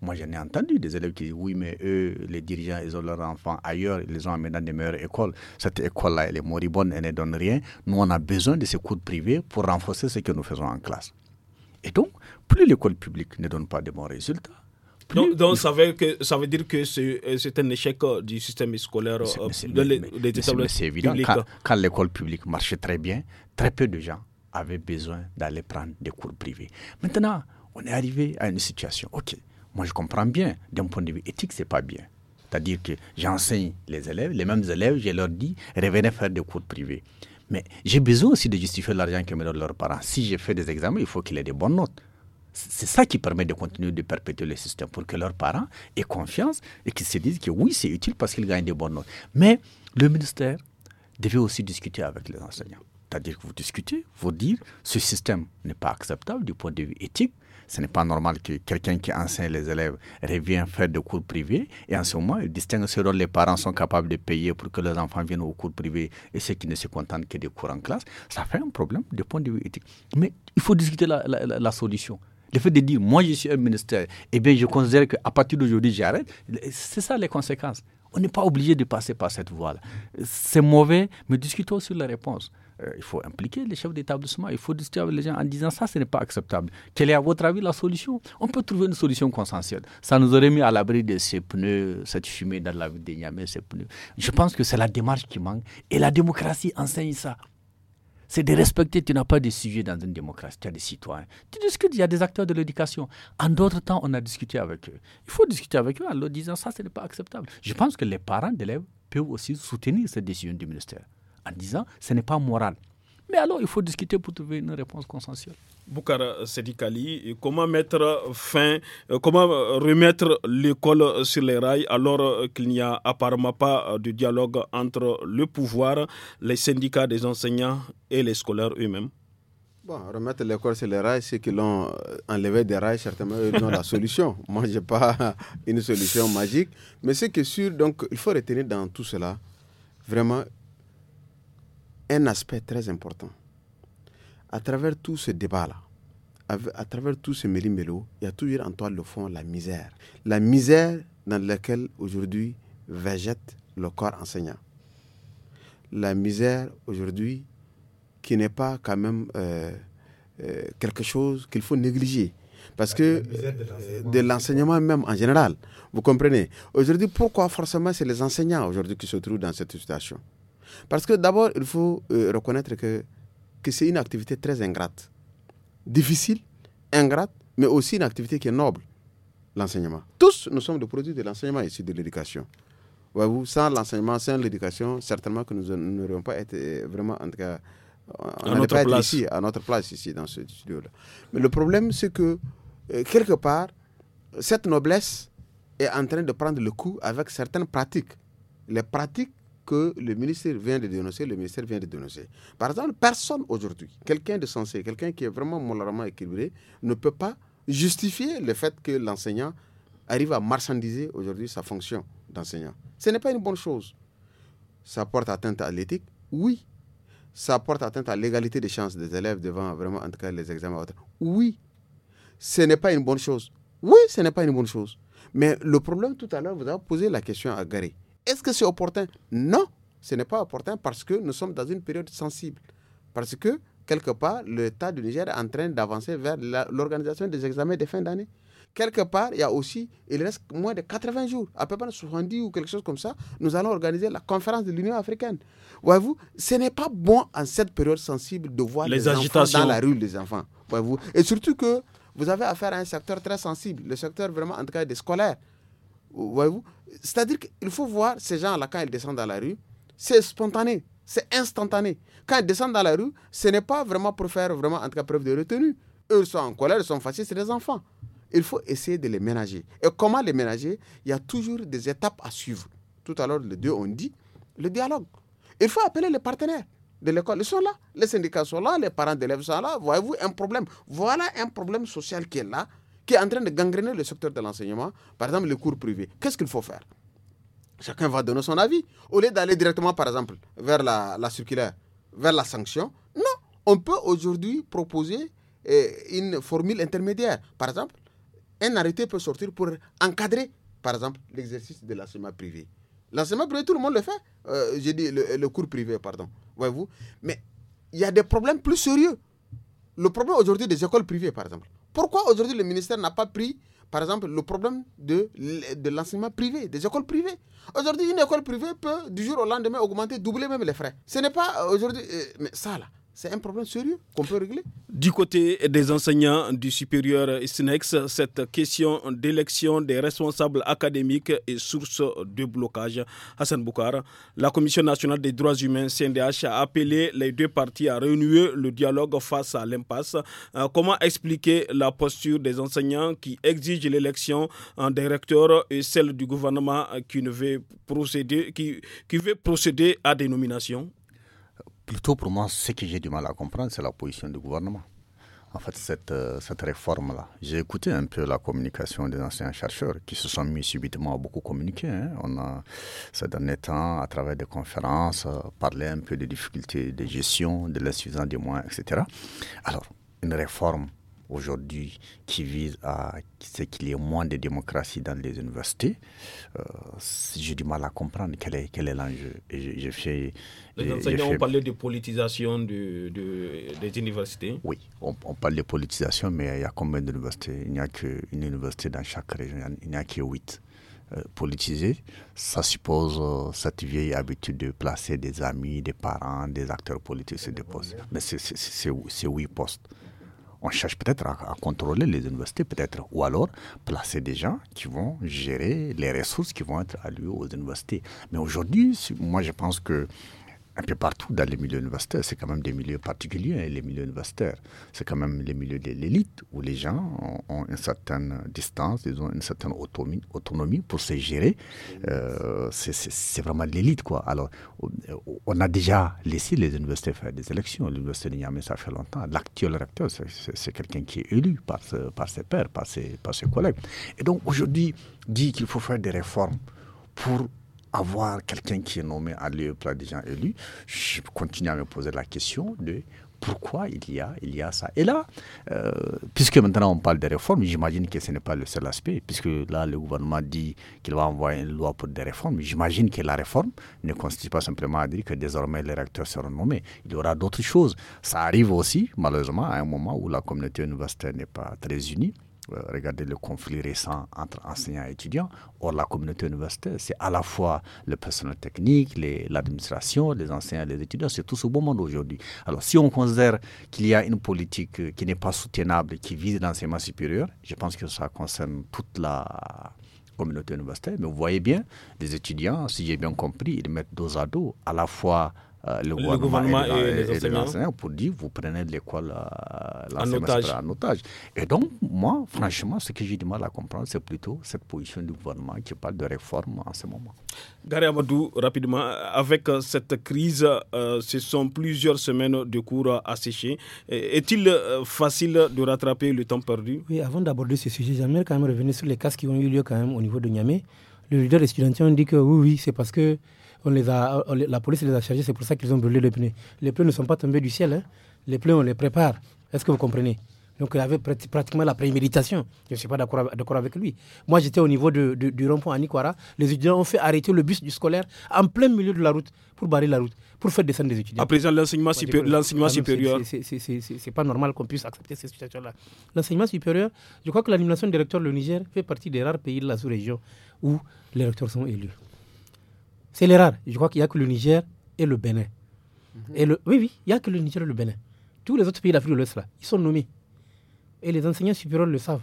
D: Moi, j'en ai entendu des élèves qui disent oui, mais eux, les dirigeants, ils ont leurs enfants ailleurs, ils les ont amenés dans des meilleures écoles. Cette école-là, elle est moribonde, elle ne donne rien. Nous, on a besoin de ces cours privés pour renforcer ce que nous faisons en classe. Et donc, plus l'école publique ne donne pas de bons résultats,
B: donc, ça, veut que, ça veut dire que c'est euh, un échec euh, du système scolaire de C'est évident. Quand,
D: quand l'école publique marche très bien, très peu de gens avait besoin d'aller prendre des cours privés. Maintenant, on est arrivé à une situation. Ok, moi je comprends bien, d'un point de vue éthique, c'est pas bien. C'est-à-dire que j'enseigne les élèves, les mêmes élèves, je leur dis, revenez faire des cours privés. Mais j'ai besoin aussi de justifier l'argent que me donnent leurs parents. Si j'ai fait des examens, il faut qu'il ait des bonnes notes. C'est ça qui permet de continuer de perpétuer le système pour que leurs parents aient confiance et qu'ils se disent que oui, c'est utile parce qu'ils gagnent des bonnes notes. Mais le ministère devait aussi discuter avec les enseignants. C'est-à-dire que vous discutez, vous dire ce système n'est pas acceptable du point de vue éthique. Ce n'est pas normal que quelqu'un qui enseigne les élèves revienne faire des cours privés et en ce moment, il distingue ce les parents sont capables de payer pour que leurs enfants viennent aux cours privés et ceux qui ne se contentent que des cours en classe. Ça fait un problème du point de vue éthique. Mais il faut discuter la, la, solution. Le fait de dire, moi je suis un ministère, et eh bien je considère qu'à partir d'aujourd'hui j'arrête, c'est ça les conséquences. On n'est pas obligé de passer par cette voie-là. C'est mauvais, mais discutons sur la réponse. Euh, il faut impliquer les chefs d'établissement, il faut discuter avec les gens en disant ça, ce n'est pas acceptable. Quelle est à votre avis la solution On peut trouver une solution consensuelle. Ça nous aurait mis à l'abri de ces pneus, cette fumée dans la ville de Niamey, ces pneus. Je pense que c'est la démarche qui manque et la démocratie enseigne ça c'est de respecter. Tu n'as pas de sujet dans une démocratie, tu as des citoyens. Tu discutes, il y a des acteurs de l'éducation. En d'autres temps, on a discuté avec eux. Il faut discuter avec eux en leur disant ça, ce n'est pas acceptable. Je pense que les parents d'élèves peuvent aussi soutenir cette décision du ministère disant ce n'est pas moral. Mais alors, il faut discuter pour trouver une réponse consensuelle.
B: Boukara
D: Sedikali, comment
B: mettre fin, euh, comment euh, remettre l'école sur les rails alors euh, qu'il n'y a apparemment pas de dialogue entre le pouvoir, les syndicats des enseignants et les scolaires eux-mêmes
C: remettre l'école sur les rails, ceux qui l'ont enlevé des rails, certainement, ils ont la solution. Moi, je n'ai pas une solution magique. Mais ce qui est sûr, donc, il faut retenir dans tout cela, vraiment, un aspect très important. À travers tout ce débat-là, à travers tout ce méli il y a toujours en toi le fond la misère. La misère dans laquelle aujourd'hui végète le corps enseignant. La misère aujourd'hui qui n'est pas quand même euh, euh, quelque chose qu'il faut négliger. Parce que euh, de l'enseignement même en général, vous comprenez. Aujourd'hui, pourquoi forcément c'est les enseignants aujourd'hui qui se trouvent dans cette situation parce que d'abord, il faut euh, reconnaître que, que c'est une activité très ingrate, difficile, ingrate, mais aussi une activité qui est noble, l'enseignement. Tous, nous sommes des produits de l'enseignement ici, de l'éducation. vous sans l'enseignement, sans l'éducation, certainement que nous n'aurions pas été euh, vraiment, en tout cas, place. ici, à notre place ici, dans ce studio-là. Mais le problème, c'est que, euh, quelque part, cette noblesse est en train de prendre le coup avec certaines pratiques. Les pratiques que le ministère vient de dénoncer, le ministère vient de dénoncer. Par exemple, personne aujourd'hui, quelqu'un de sensé, quelqu'un qui est vraiment moralement équilibré, ne peut pas justifier le fait que l'enseignant arrive à marchandiser aujourd'hui sa fonction d'enseignant. Ce n'est pas une bonne chose. Ça porte atteinte à l'éthique, oui. Ça porte atteinte à l'égalité des chances des élèves devant vraiment, en tout cas, les examens. Oui. Ce n'est pas une bonne chose. Oui, ce n'est pas une bonne chose. Mais le problème, tout à l'heure, vous avez posé la question à Gary. Est-ce que c'est opportun Non, ce n'est pas opportun parce que nous sommes dans une période sensible. Parce que, quelque part, l'État du Niger est en train d'avancer vers l'organisation des examens de fin d'année. Quelque part, il y a aussi, il reste moins de 80 jours, à peu près 70 ou quelque chose comme ça, nous allons organiser la conférence de l'Union africaine. Voyez-vous, ce n'est pas bon en cette période sensible de voir les, agitations. enfants dans la rue, les enfants. Voyez-vous. Et surtout que vous avez affaire à un secteur très sensible, le secteur vraiment en tout cas des scolaires vous cest C'est-à-dire qu'il faut voir ces gens-là quand ils descendent dans la rue, c'est spontané, c'est instantané. Quand ils descendent dans la rue, ce n'est pas vraiment pour faire vraiment en cas preuve de retenue. Eux sont en colère, ils sont fâchés, c'est des enfants. Il faut essayer de les ménager. Et comment les ménager Il y a toujours des étapes à suivre. Tout à l'heure, les deux ont dit le dialogue. Il faut appeler les partenaires de l'école. Ils sont là, les syndicats sont là, les parents d'élèves sont là. Voyez-vous un problème Voilà un problème social qui est là qui est en train de gangréner le secteur de l'enseignement, par exemple le cours privé, Qu'est-ce qu'il faut faire Chacun va donner son avis. Au lieu d'aller directement, par exemple, vers la, circulaire, vers la sanction, non, on peut aujourd'hui proposer eh, une formule intermédiaire. Par exemple, un arrêté peut sortir pour encadrer, par exemple, l'exercice de l'enseignement privé. L'enseignement privé, tout le monde le fait. Euh, j'ai dit le, le, cours privé, pardon. Voyez-vous Mais il y a des problèmes plus sérieux. Le problème aujourd'hui des écoles privées, par exemple. Pourquoi aujourd'hui le ministère n'a pas pris, par exemple, le problème de, l'enseignement privé, des écoles privées Aujourd'hui, une école privée peut, du jour au lendemain, augmenter, doubler même les frais. Ce n'est pas euh, aujourd'hui. Euh, mais ça, là. C'est un problème sérieux
B: qu'on peut régler. Du côté des enseignants du supérieur SNEX, cette question d'élection des responsables académiques est source de blocage. Hassan Boukar, la Commission nationale des droits humains, CNDH, a appelé les deux parties à renouer le dialogue face à l'impasse. Euh, comment expliquer la posture des enseignants qui exigent l'élection en euh, directeur et celle du gouvernement qui ne veut procéder, qui veut procéder à des nominations
D: Plutôt pour moi, ce que j'ai du mal à comprendre, c'est la position du gouvernement. En fait, euh, cette, réforme-là. J'ai écouté un peu la communication des anciens chercheurs qui se sont mis subitement à beaucoup communiquer. Hein. On a, ces derniers temps, à travers des conférences, euh, parlé un peu des difficultés de gestion, de l'insuffisance des moyens, etc. Alors, une réforme aujourd'hui qui vise à ce qu'il y ait moins de démocratie dans les universités, euh, j'ai du mal à comprendre quel est, quel est l'enjeu. les enseignants ont parlé
B: de politisation de,
D: des universités. Oui, on, parle de politisation, mais il y a combien d'universités Il n'y a qu'une université dans chaque région, il n'y a, que huit. Euh, politisées, ça suppose euh, cette vieille habitude de placer des amis, des parents, des acteurs politiques sur des postes. Mais c'est huit postes on cherche peut-être à, contrôler les universités, peut-être, ou alors placer des gens qui vont gérer les ressources qui vont être allouées aux universités. Mais aujourd'hui, moi, je pense que un peu partout dans les milieux universitaires. C'est quand même des milieux particuliers, hein, les milieux universitaires. C'est quand même les milieux de l'élite où les gens ont, une certaine distance, ils ont une certaine autonomie, autonomie pour se gérer. Euh, c'est vraiment l'élite, quoi. Alors, on a déjà laissé les universités faire des élections. L'université de Niamey, ça fait longtemps. L'actuel recteur, c'est quelqu'un qui est élu par, par ses pairs, par ses, par ses collègues. Et donc, aujourd'hui, dit qu'il faut faire des réformes pour avoir quelqu'un qui est nommé à l'UEPLA des gens élus, je continue à me poser la question de pourquoi il y a, il y a ça. Et là, euh, puisque maintenant on parle des réformes, j'imagine que ce n'est pas le seul aspect, puisque là le gouvernement dit qu'il va envoyer une loi pour des réformes. J'imagine que la réforme ne constitue pas simplement à dire que désormais les réacteurs seront nommés. Il y aura d'autres choses. Ça arrive aussi, malheureusement, à un moment où la communauté universitaire n'est pas très unie. Euh, regardez le conflit récent entre enseignants et étudiants. Or, la communauté universitaire, c'est à la fois le personnel technique, l'administration, les, enseignants et les étudiants, c'est tout ce beau monde aujourd'hui. Alors, si on considère qu'il y a une politique euh, qui n'est pas soutenable, qui vise l'enseignement supérieur, je pense que ça concerne toute la communauté universitaire. Mais vous voyez bien, les étudiants, si j'ai bien compris, ils mettent dos à dos à la fois euh, le, gouvernement, et, les, enseignants. pour dire vous prenez l'école euh, en, otage. Et donc, moi, franchement, ce que j'ai du mal à comprendre, c'est plutôt cette position du gouvernement qui parle de réforme en ce moment.
B: Gary Amadou, rapidement, avec euh, cette crise, ce sont plusieurs semaines de cours asséchés. Est-il facile de rattraper le temps perdu
A: Oui, avant d'aborder ce sujet, j'aimerais quand même revenir sur les cas qui ont eu lieu quand même au niveau de Niamey. Le leader des étudiants dit que oui, oui, c'est parce que on les la police les a chargés, c'est pour ça qu'ils ont brûlé les pneus. Les pneus ne sont pas tombés du ciel, hein. les pneus on les prépare. Est-ce que vous comprenez donc il y avait pratiquement la préméditation. Je ne suis pas d'accord avec lui. Moi j'étais au niveau du rond-point à Niquara. Les étudiants ont fait arrêter le bus du scolaire en plein milieu de la route pour barrer la route, pour faire descendre les étudiants. À présent l'enseignement ah, supérieur. C'est pas normal qu'on puisse accepter ces situations-là. L'enseignement supérieur, je crois que l'animation des recteurs le Niger fait partie des rares pays de la sous-région où les recteurs sont élus. C'est les rares. Je crois qu'il n'y a que le Niger et le Bénin. Mhm. et le, oui, oui, il n'y a que le Niger et le Bénin. Tous les autres pays d'Afrique de l'Ouest, là, ils sont nommés. Et les enseignants supérieurs le savent.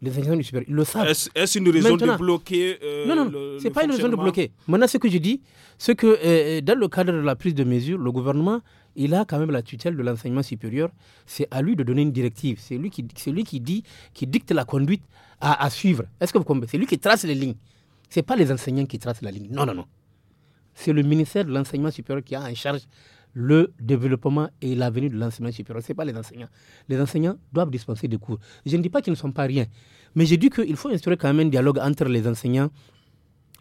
A: Les enseignants supérieurs, ils le savent. Est-ce une raison de bloquer
B: euh, Non, non, non ce n'est pas une raison de bloquer.
A: Maintenant, ce que je dis, c'est que euh, euh, dans le cadre de la prise de mesure, le gouvernement, il a quand même la tutelle de l'enseignement supérieur. C'est à lui de donner une directive. C'est lui qui, lui qui dit, qui dicte la conduite à, à suivre. Est-ce que vous comprenez C'est lui qui trace les lignes. Ce n'est pas les enseignants qui tracent la ligne. Non, non, non. C'est le ministère de l'enseignement supérieur qui a en charge le développement et l'avenir de l'enseignement supérieur. Ce n'est pas les enseignants. Les enseignants doivent dispenser des cours. Je ne dis pas qu'ils ne sont pas rien, mais je dis qu'il faut instaurer quand même un dialogue entre les enseignants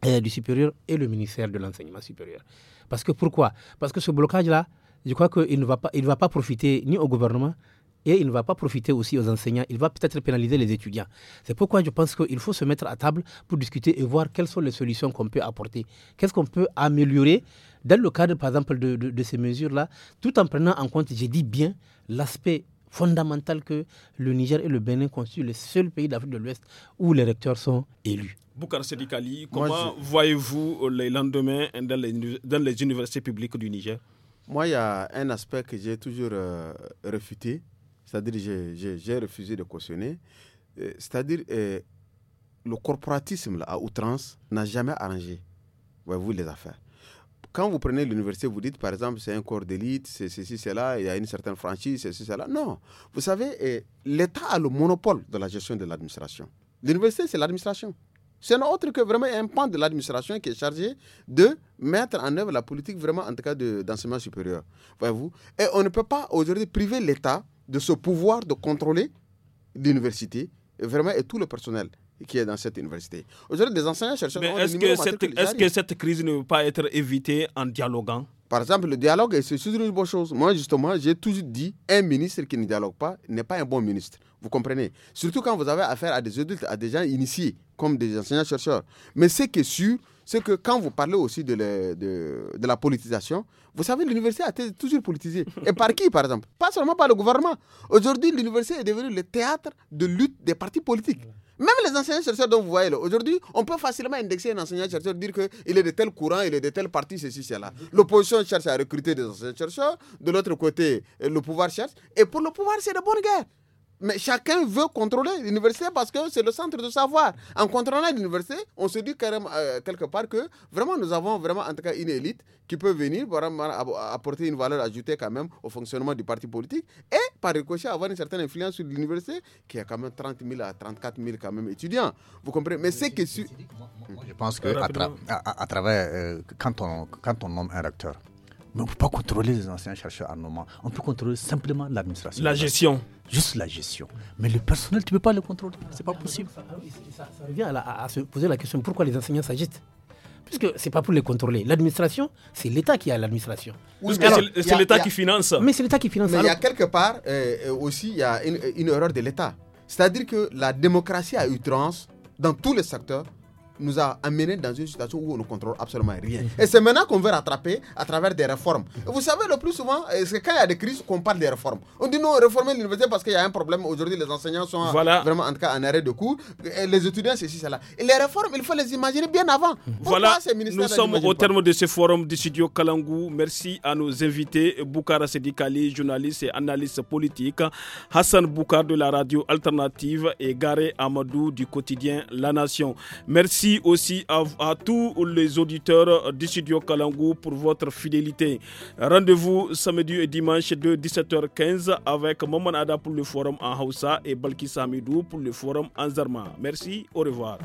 A: euh, du supérieur et le ministère de l'enseignement supérieur. Parce que pourquoi Parce que ce blocage-là, je crois qu'il ne va pas, il ne va pas profiter ni au gouvernement, et il ne va pas profiter aussi aux enseignants, il va peut-être pénaliser les étudiants. C'est pourquoi je pense qu'il faut se mettre à table pour discuter et voir quelles sont les solutions qu'on peut apporter, qu'est-ce qu'on peut améliorer dans le cadre, par exemple, de, ces mesures-là, tout en prenant en compte, j'ai dit bien, l'aspect fondamental que le Niger et le Bénin constituent les seuls pays d'Afrique de l'Ouest où les recteurs sont élus.
B: Boukar Sedikali, comment voyez-vous les lendemains dans les, universités publiques du Niger Moi, il y a un aspect que j'ai
C: toujours euh, refuté c'est-à-dire, j'ai refusé de cautionner. Euh, c'est-à-dire, euh, le corporatisme là, à outrance n'a jamais arrangé, voyez-vous, les affaires. Quand vous prenez l'université, vous dites, par exemple, c'est un corps d'élite, c'est ceci, c'est là, il y a une certaine franchise, c'est ceci, c'est là. Non. Vous savez, euh, l'État a le monopole de la gestion de l'administration. L'université, c'est l'administration. C'est un autre que vraiment un pan de l'administration qui est chargé de mettre en œuvre la politique vraiment, en tout cas, d'enseignement supérieur. Voyez-vous Et on ne peut pas aujourd'hui priver l'État de ce pouvoir de contrôler l'université vraiment et tout le personnel qui est dans cette université. Aujourd'hui, des enseignants chercheurs. Mais est-ce que, cette, que cette
B: crise ne peut pas être évitée en dialoguant
C: Par exemple, le dialogue, c'est une bonne chose. Moi, justement, j'ai toujours dit un ministre qui ne dialogue pas n'est pas un bon ministre. Vous comprenez Surtout quand vous avez affaire à des adultes, à des gens initiés, comme des enseignants chercheurs. Mais ce qui est sûr, c'est que quand vous parlez aussi de, de, la politisation, vous savez, l'université a été toujours politisée. Et par qui, par exemple Pas seulement par le gouvernement. Aujourd'hui, l'université est devenue le théâtre de lutte des partis politiques. Même les enseignants-chercheurs dont vous voyez, aujourd'hui, on peut facilement indexer un enseignant-chercheur, dire qu'il est de tel courant, il est de tel parti, ceci, cela. L'opposition cherche à recruter des enseignants-chercheurs, de l'autre côté, le pouvoir cherche. Et pour le pouvoir, c'est de bonne guerre. Mais chacun veut contrôler l'université parce que c'est le centre de savoir. En contrôlant l'université, on se dit carrément, euh, quelque part que vraiment nous avons vraiment en tout cas une élite qui peut venir vraiment apporter une valeur ajoutée quand même au fonctionnement du parti politique et par ricochet avoir une certaine influence sur l'université qui a quand même 30 000 à 34 000 quand même étudiants. Vous comprenez Mais c'est que... je
D: pense que euh, à, travers, euh, quand, on, quand on nomme un recteur, mais on ne peut pas contrôler les anciens chercheurs armement. On peut contrôler simplement l'administration. La gestion. Juste la gestion. Mais le personnel, tu ne peux pas le contrôler. Ce
A: n'est pas possible. Ah, ça, revient à, se poser la question pourquoi les enseignants s'agitent Puisque ce n'est pas pour les contrôler. L'administration, c'est l'État qui a l'administration. c'est l'État qui finance. Mais c'est l'État qui finance. Mais il y a
C: quelque part euh, euh, aussi il y a une, erreur de l'État. C'est-à-dire que la démocratie a eu outrance, dans tous les secteurs, nous a amenés dans une situation où on ne contrôle absolument rien. Et c'est maintenant qu'on veut rattraper à travers des réformes. vous savez, le plus souvent, euh, c'est quand il y a des crises qu'on parle des réformes. On dit non, réformer l'université parce qu'il y a un problème. Aujourd'hui, les enseignants sont vraiment en tout cas en arrêt de cours. les
B: étudiants, c'est cela.
C: Et les réformes, il faut les imaginer bien avant. voilà, nous sommes au terme
B: de ce forum du studio Kalangou. Merci à nos invités, Boukara Sedikali, journaliste et analyste politique, Hassan Boukar de la radio alternative et Garé Amadou du quotidien La Nation. Merci aussi à, tous les auditeurs du studio Kalangou pour votre fidélité. Rendez-vous samedi et dimanche de 17h15 avec Maman Ada pour le forum en Hausa et Balkis Hamidou pour le forum en Zarma. Merci, au revoir.